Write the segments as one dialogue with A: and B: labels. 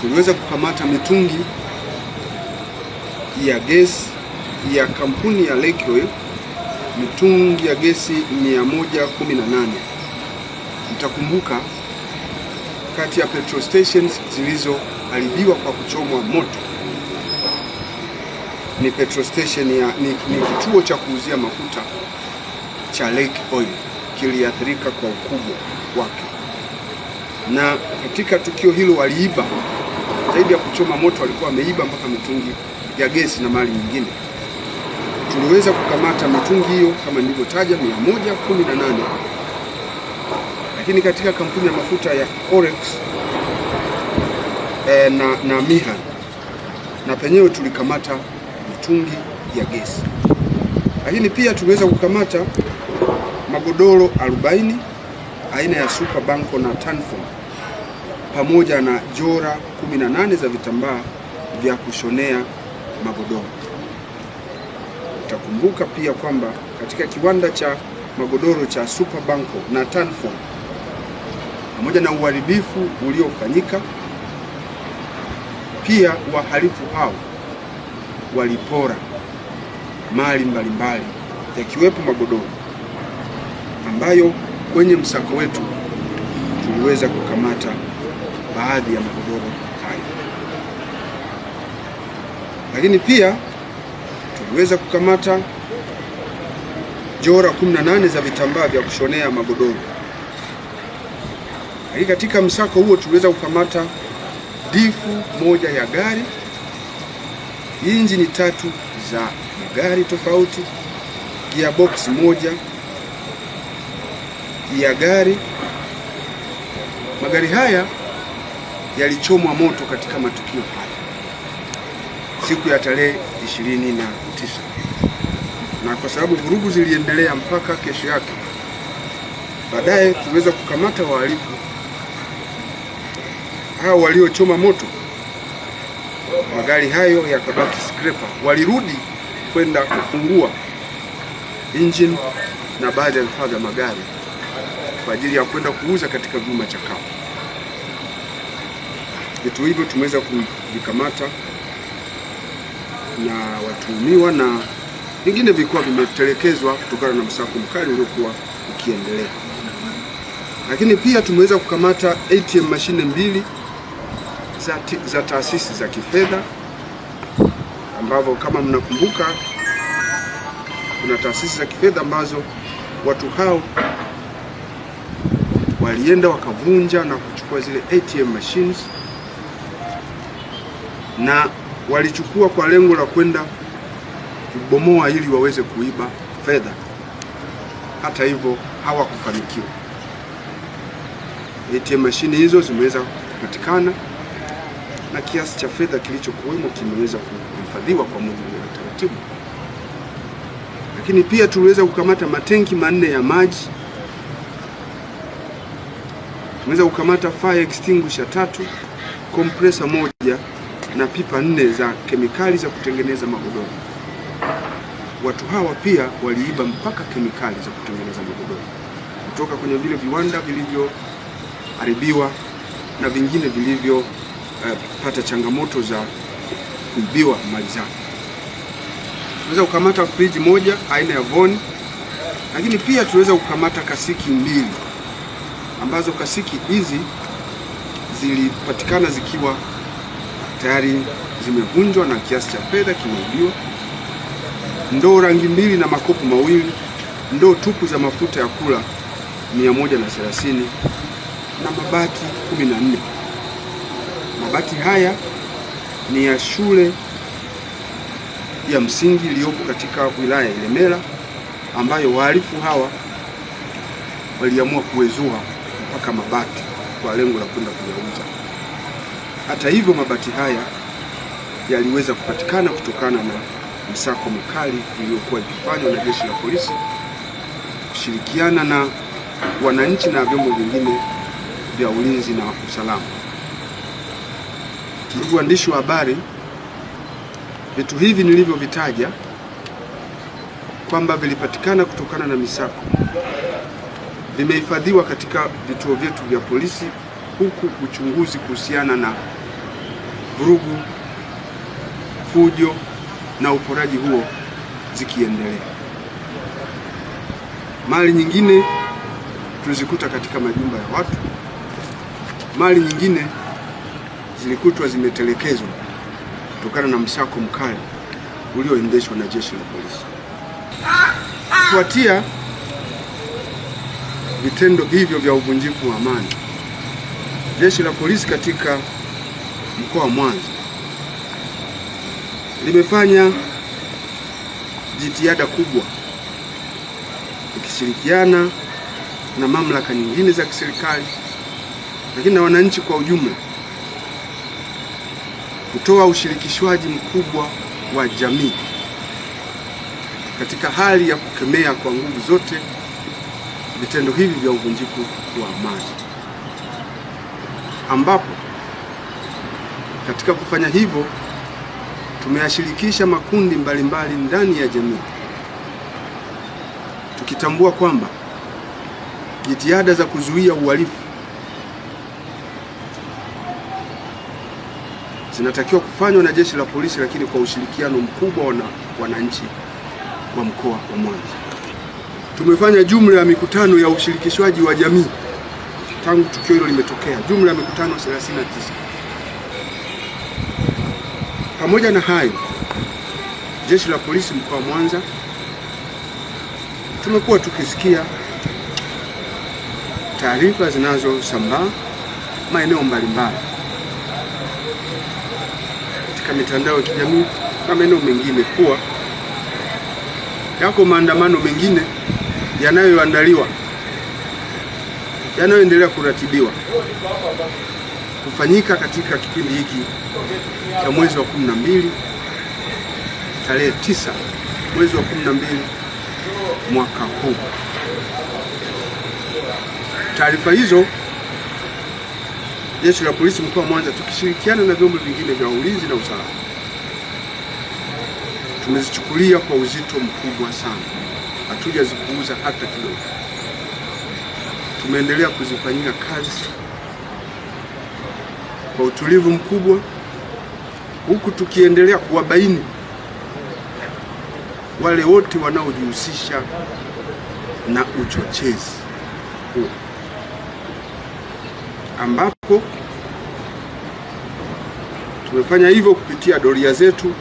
A: tuliweza kukamata mitungi ya gesi ya kampuni ya Lake Oil, mitungi ya gesi 118. Mtakumbuka kati ya petrol stations zilizoharibiwa kwa kuchomwa moto ni petrol station ya, ni, ni kituo cha kuuzia mafuta cha Lake Oil kiliathirika kwa ukubwa wake, na katika tukio hilo waliiba zaidi ya kuchoma moto walikuwa wameiba mpaka mitungi ya gesi na mali nyingine. Tuliweza kukamata mitungi hiyo kama nilivyotaja 118 lakini katika kampuni ya mafuta ya orex e, eh, na, na Mihan na penyewe tulikamata mitungi ya gesi, lakini pia tuliweza kukamata magodoro 40 aina ya Super Banco na Tanform pamoja na jora 18 za vitambaa vya kushonea magodoro. Utakumbuka pia kwamba katika kiwanda cha magodoro cha Super Banco na Tanform, pamoja na uharibifu uliofanyika, pia wahalifu hao walipora mali mbalimbali yakiwepo magodoro ambayo kwenye msako wetu tuliweza kukamata baadhi ya magodoro hayo. Lakini pia tuliweza kukamata jora 18 za vitambaa vya kushonea magodoro. Lakini katika msako huo tuliweza kukamata difu moja ya gari, injini tatu za magari tofauti, gearbox moja ya gari. Magari haya yalichomwa moto katika matukio haya siku ya tarehe ishirini na tisa na kwa sababu vurugu ziliendelea mpaka kesho yake, baadaye tuliweza kukamata wahalifu hao waliochoma moto magari hayo, yakabaki scraper. Walirudi kwenda kufungua engine na baadhi ya vifaa vya magari kwa ajili ya kwenda kuuza katika vyuma chakavu. Vitu hivyo tumeweza kuvikamata na watuhumiwa na vingine vilikuwa vimetelekezwa kutokana na msako mkali uliokuwa ukiendelea. Lakini pia tumeweza kukamata ATM mashine mbili za, za taasisi za kifedha ambavyo kama mnakumbuka kuna taasisi za kifedha ambazo watu hao walienda wakavunja na kuchukua zile ATM machines na walichukua kwa lengo la kwenda kubomoa ili waweze kuiba fedha. Hata hivyo hawakufanikiwa. ATM mashine hizo zimeweza kupatikana na kiasi cha fedha kilichokuwemo kimeweza kuhifadhiwa kwa mujibu wa taratibu. Lakini pia tuliweza kukamata matenki manne ya maji, tumeweza kukamata fire extinguisher tatu, compressor moja na pipa nne za kemikali za kutengeneza magodoro. Watu hawa pia waliiba mpaka kemikali za kutengeneza magodoro kutoka kwenye vile viwanda vilivyoharibiwa na vingine vilivyopata eh, uh, changamoto za kuibiwa mali zake Tunaweza kukamata friji moja aina ya Von, lakini pia tunaweza kukamata kasiki mbili ambazo kasiki hizi zilipatikana zikiwa tayari zimevunjwa na kiasi cha fedha kimeibiwa, ndoo rangi mbili na makopo mawili, ndoo tupu za mafuta ya kula 130 na mabati 14. Mabati haya ni ya shule ya msingi iliyopo katika wilaya ya Ilemela ambayo wahalifu hawa waliamua kuwezua mpaka mabati kwa lengo la kwenda kuyauza. Hata hivyo, mabati haya yaliweza kupatikana kutokana na msako mkali uliokuwa ikifanywa na jeshi la polisi kushirikiana na wananchi na vyombo vingine vya ulinzi na usalama. Ndugu waandishi wa habari, vitu hivi nilivyovitaja kwamba vilipatikana kutokana na misako vimehifadhiwa katika vituo vyetu vya polisi, huku uchunguzi kuhusiana na vurugu, fujo na uporaji huo zikiendelea. Mali nyingine tulizikuta katika majumba ya watu, mali nyingine zilikutwa zimetelekezwa kutokana na msako mkali ulioendeshwa na jeshi la polisi. Kufuatia vitendo hivyo vya uvunjifu wa amani, jeshi la polisi katika mkoa wa Mwanza limefanya jitihada kubwa ikishirikiana na mamlaka nyingine za kiserikali, lakini na wananchi kwa ujumla kutoa ushirikishwaji mkubwa wa jamii katika hali ya kukemea kwa nguvu zote vitendo hivi vya uvunjifu wa amani ambapo katika kufanya hivyo, tumeyashirikisha makundi mbalimbali mbali ndani ya jamii, tukitambua kwamba jitihada za kuzuia uhalifu zinatakiwa kufanywa na Jeshi la Polisi, lakini kwa ushirikiano mkubwa na wananchi wa mkoa wa Mwanza. Tumefanya jumla ya mikutano ya ushirikishwaji wa jamii tangu tukio hilo limetokea, jumla ya mikutano 39. Pamoja na hayo, jeshi la polisi mkoa wa Mwanza tumekuwa tukisikia taarifa zinazosambaa maeneo mbalimbali katika mitandao ya kijamii na maeneo mengine kuwa yako maandamano mengine yanayoandaliwa yanayoendelea kuratibiwa kufanyika katika kipindi hiki cha mwezi wa 12 tarehe tisa mwezi wa 12 mwaka huu. Taarifa hizo Jeshi la Polisi mkoa wa Mwanza tukishirikiana na vyombo vingine vya ulinzi na usalama tumezichukulia kwa uzito mkubwa sana, hatujazipuuza hata kidogo. Tumeendelea kuzifanyia kazi kwa utulivu mkubwa, huku tukiendelea kuwabaini wale wote wanaojihusisha na uchochezi huo, ambapo tumefanya hivyo kupitia doria zetu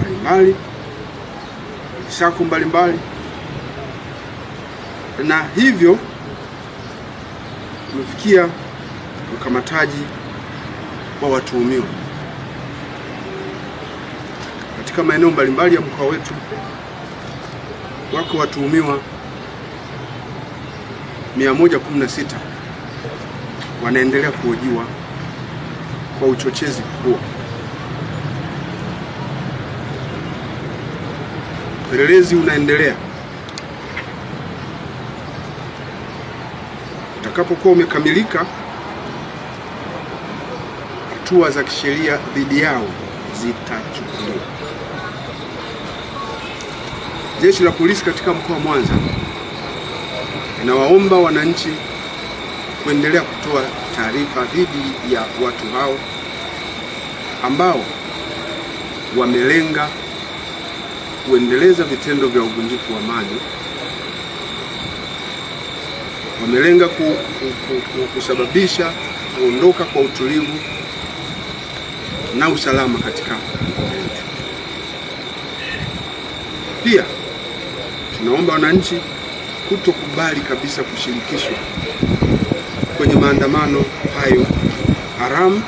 A: mbalimbali, misako mbalimbali, na hivyo tumefikia ukamataji wa watuhumiwa katika maeneo mbalimbali ya mkoa wetu. Wako watuhumiwa 116 wanaendelea kuhojiwa kwa uchochezi huo. Upelelezi unaendelea. Utakapokuwa umekamilika hatua za kisheria dhidi yao zitachukuliwa. Jeshi la polisi katika mkoa wa Mwanza inawaomba wananchi kuendelea kutoa taarifa dhidi ya watu hao ambao wamelenga kuendeleza vitendo vya uvunjifu wa amani, wamelenga ku, ku, ku, kusababisha kuondoka kwa utulivu na usalama katika mkoa wetu. Pia tunaomba wananchi kutokubali kabisa kushirikishwa kwenye maandamano hayo haramu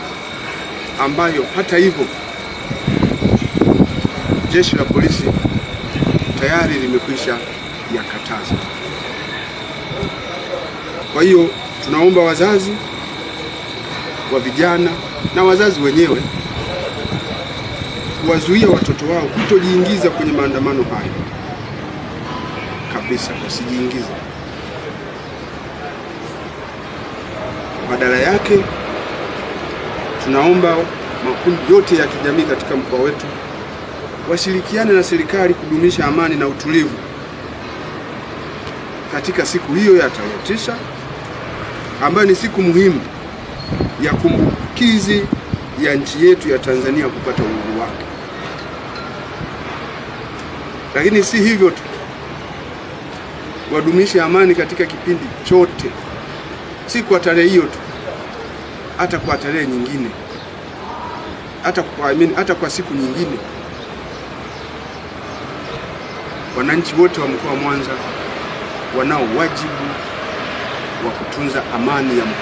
A: ambayo hata hivyo jeshi la polisi tayari limekwisha yakataza. Kwa hiyo tunaomba wazazi wa vijana na wazazi wenyewe kuwazuia watoto wao kutojiingiza kwenye maandamano hayo kabisa, wasijiingiza. Badala yake tunaomba makundi yote ya kijamii katika mkoa wetu washirikiane na serikali kudumisha amani na utulivu katika siku hiyo ya tarehe tisa ambayo ni siku muhimu ya kumbukizi ya nchi yetu ya Tanzania kupata uhuru wake. Lakini si hivyo tu, wadumishe amani katika kipindi chote, si kwa tarehe hiyo tu, hata kwa tarehe nyingine, hata kwa, I mean, hata kwa siku nyingine. Wananchi wote wa mkoa wa Mwanza wanao wajibu wa kutunza amani ya mkoa.